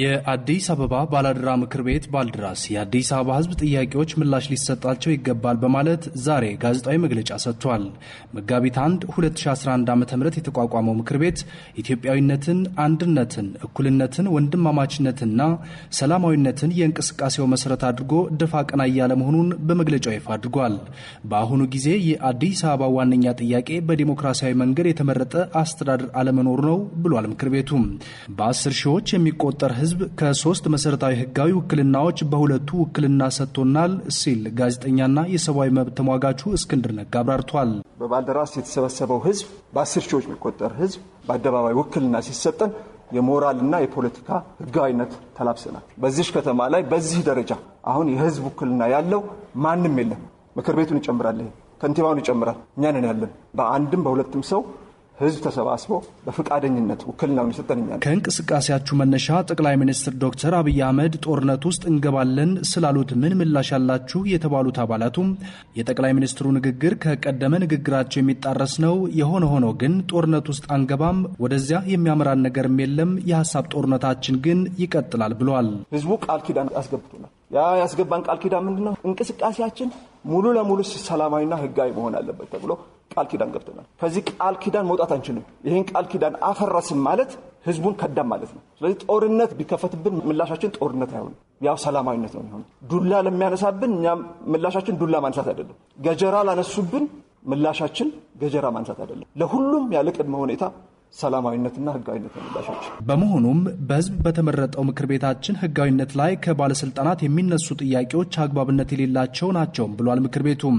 የአዲስ አበባ ባላደራ ምክር ቤት ባልድራስ የአዲስ አበባ ሕዝብ ጥያቄዎች ምላሽ ሊሰጣቸው ይገባል በማለት ዛሬ ጋዜጣዊ መግለጫ ሰጥቷል። መጋቢት 1 2011 ዓ ም የተቋቋመው ምክር ቤት ኢትዮጵያዊነትን፣ አንድነትን፣ እኩልነትን፣ ወንድማማችነትና ሰላማዊነትን የእንቅስቃሴው መሰረት አድርጎ ደፋ ቀና እያለ መሆኑን በመግለጫው ይፋ አድርጓል። በአሁኑ ጊዜ የአዲስ አበባ ዋነኛ ጥያቄ በዲሞክራሲያዊ መንገድ የተመረጠ አስተዳደር አለመኖሩ ነው ብሏል። ምክር ቤቱም በአስር ሺዎች የሚቆጠር ህዝብ ከሶስት መሠረታዊ ሕጋዊ ውክልናዎች በሁለቱ ውክልና ሰጥቶናል ሲል ጋዜጠኛና የሰብአዊ መብት ተሟጋቹ እስክንድር ነጋ አብራርቷል። በባልደራስ የተሰበሰበው ሕዝብ በአስር ሺዎች የሚቆጠር ህዝብ በአደባባይ ውክልና ሲሰጠን የሞራልና የፖለቲካ ህጋዊነት ተላብሰናል። በዚሽ ከተማ ላይ በዚህ ደረጃ አሁን የህዝብ ውክልና ያለው ማንም የለም። ምክር ቤቱን ይጨምራል፣ ከንቲባውን ይጨምራል፣ እኛንን ያለን በአንድም በሁለትም ሰው ህዝብ ተሰባስቦ በፈቃደኝነት ውክልናውን የሰጠን ከእንቅስቃሴያችሁ መነሻ ጠቅላይ ሚኒስትር ዶክተር አብይ አህመድ ጦርነት ውስጥ እንገባለን ስላሉት ምን ምላሽ ያላችሁ የተባሉት አባላቱም የጠቅላይ ሚኒስትሩ ንግግር ከቀደመ ንግግራቸው የሚጣረስ ነው። የሆነ ሆኖ ግን ጦርነት ውስጥ አንገባም፣ ወደዚያ የሚያመራን ነገርም የለም፣ የሀሳብ ጦርነታችን ግን ይቀጥላል ብሏል። ህዝቡ ቃል ኪዳን አስገብቶናል። ያ ያስገባን ቃል ኪዳን ምንድነው? እንቅስቃሴያችን ሙሉ ለሙሉ ሰላማዊና ህጋዊ መሆን አለበት ተብሎ ቃል ኪዳን ገብተናል። ከዚህ ቃል ኪዳን መውጣት አንችልም። ይህን ቃል ኪዳን አፈረስም ማለት ህዝቡን ከዳም ማለት ነው። ስለዚህ ጦርነት ቢከፈትብን ምላሻችን ጦርነት አይሆንም፣ ያው ሰላማዊነት ነው የሚሆነው። ዱላ ለሚያነሳብን እኛም ምላሻችን ዱላ ማንሳት አይደለም። ገጀራ ላነሱብን ምላሻችን ገጀራ ማንሳት አይደለም። ለሁሉም ያለ ቅድመ ሁኔታ ሰላማዊነትና ህጋዊነት ምላሾች። በመሆኑም በህዝብ በተመረጠው ምክር ቤታችን ህጋዊነት ላይ ከባለስልጣናት የሚነሱ ጥያቄዎች አግባብነት የሌላቸው ናቸውም ብሏል። ምክር ቤቱም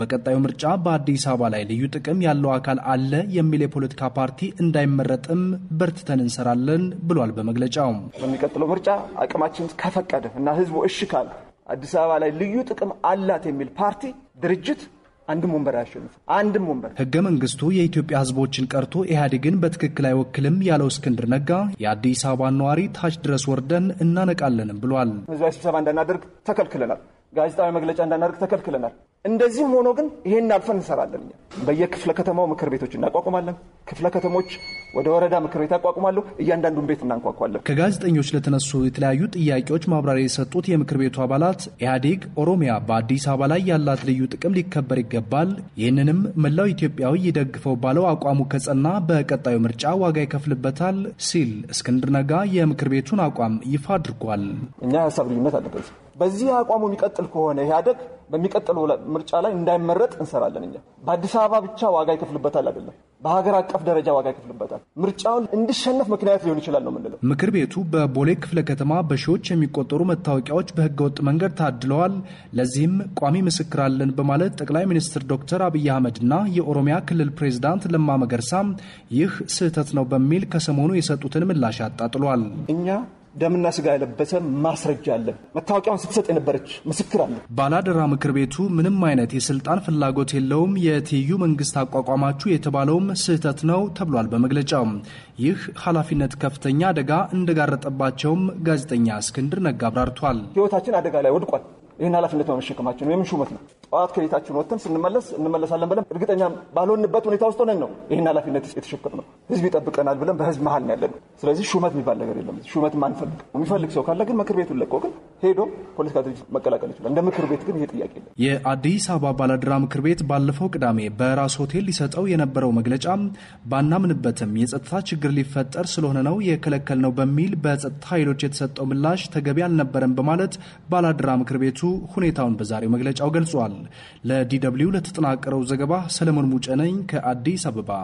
በቀጣዩ ምርጫ በአዲስ አበባ ላይ ልዩ ጥቅም ያለው አካል አለ የሚል የፖለቲካ ፓርቲ እንዳይመረጥም በርትተን እንሰራለን ብሏል። በመግለጫው በሚቀጥለው ምርጫ አቅማችን ከፈቀደ እና ህዝቡ እሺ ካለ አዲስ አበባ ላይ ልዩ ጥቅም አላት የሚል ፓርቲ ድርጅት አንድም ወንበር አያሸንፉ አንድም ወንበር። ህገ መንግስቱ የኢትዮጵያ ህዝቦችን ቀርቶ ኢህአዴግን በትክክል አይወክልም ያለው እስክንድር ነጋ የአዲስ አበባ ነዋሪ ታች ድረስ ወርደን እናነቃለንም ብሏል። ህዝባዊ ስብሰባ እንዳናደርግ ተከልክለናል። ጋዜጣዊ መግለጫ እንዳናደርግ ተከልክለናል። እንደዚህም ሆኖ ግን ይሄን አልፈን እንሰራለን። በየክፍለ ከተማው ምክር ቤቶች እናቋቁማለን። ክፍለ ከተሞች ወደ ወረዳ ምክር ቤት ያቋቁማሉ። እያንዳንዱን ቤት እናንኳኳለን። ከጋዜጠኞች ለተነሱ የተለያዩ ጥያቄዎች ማብራሪያ የሰጡት የምክር ቤቱ አባላት ኢህአዴግ ኦሮሚያ በአዲስ አበባ ላይ ያላት ልዩ ጥቅም ሊከበር ይገባል፣ ይህንንም መላው ኢትዮጵያዊ ይደግፈው ባለው አቋሙ ከጸና በቀጣዩ ምርጫ ዋጋ ይከፍልበታል ሲል እስክንድር ነጋ የምክር ቤቱን አቋም ይፋ አድርጓል። እኛ ሀሳብ ልዩነት አለበት በዚህ አቋሙ የሚቀጥል ከሆነ ኢህአደግ በሚቀጥለው ምርጫ ላይ እንዳይመረጥ እንሰራለን። እኛ በአዲስ አበባ ብቻ ዋጋ ይከፍልበታል አይደለም፣ በሀገር አቀፍ ደረጃ ዋጋ ይከፍልበታል። ምርጫውን እንዲሸነፍ ምክንያት ሊሆን ይችላል ነው የምንለው። ምክር ቤቱ በቦሌ ክፍለ ከተማ በሺዎች የሚቆጠሩ መታወቂያዎች በህገወጥ መንገድ ታድለዋል፣ ለዚህም ቋሚ ምስክር አለን በማለት ጠቅላይ ሚኒስትር ዶክተር አብይ አህመድና የኦሮሚያ ክልል ፕሬዚዳንት ለማ መገርሳም ይህ ስህተት ነው በሚል ከሰሞኑ የሰጡትን ምላሽ አጣጥሏል። እኛ ደምና ስጋ የለበሰ ማስረጃ አለ። መታወቂያውን ስትሰጥ የነበረች ምስክር አለ። ባላደራ ምክር ቤቱ ምንም አይነት የስልጣን ፍላጎት የለውም፣ የትዩ መንግስት አቋቋማችሁ የተባለውም ስህተት ነው ተብሏል በመግለጫው። ይህ ኃላፊነት ከፍተኛ አደጋ እንደጋረጠባቸውም ጋዜጠኛ እስክንድር ነጋ አብራርቷል። ህይወታችን አደጋ ላይ ወድቋል። ይህን ኃላፊነት መመሸከማችን ወይም ሹመት ነው። ጠዋት ከቤታችን ወጥተን ስንመለስ እንመለሳለን ብለን እርግጠኛ ባልሆንበት ሁኔታ ውስጥ ሆነን ነው ይህን ኃላፊነት የተሸከም ነው። ህዝብ ይጠብቀናል ብለን በህዝብ መሀል ነው ያለን። ስለዚህ ሹመት የሚባል ነገር የለም። ሹመት አንፈልግ። የሚፈልግ ሰው ካለ ግን ምክር ቤቱን ለቆ ግን ሄዶ ፖለቲካ ድርጅት መቀላቀል ይችላል። እንደ ምክር ቤት ግን ይሄ ጥያቄ የለም። የአዲስ አበባ ባለድራ ምክር ቤት ባለፈው ቅዳሜ በራስ ሆቴል ሊሰጠው የነበረው መግለጫ ባናምንበትም የጸጥታ ችግር ሊፈጠር ስለሆነ ነው የከለከል ነው በሚል በጸጥታ ኃይሎች የተሰጠው ምላሽ ተገቢ አልነበረም በማለት ባላድራ ምክር ቤቱ ሁኔታውን በዛሬው መግለጫው ገልጿል። ለዲ ለተጠናቀረው ዘገባ ሰለሞን ሙጨነኝ ከአዲስ አበባ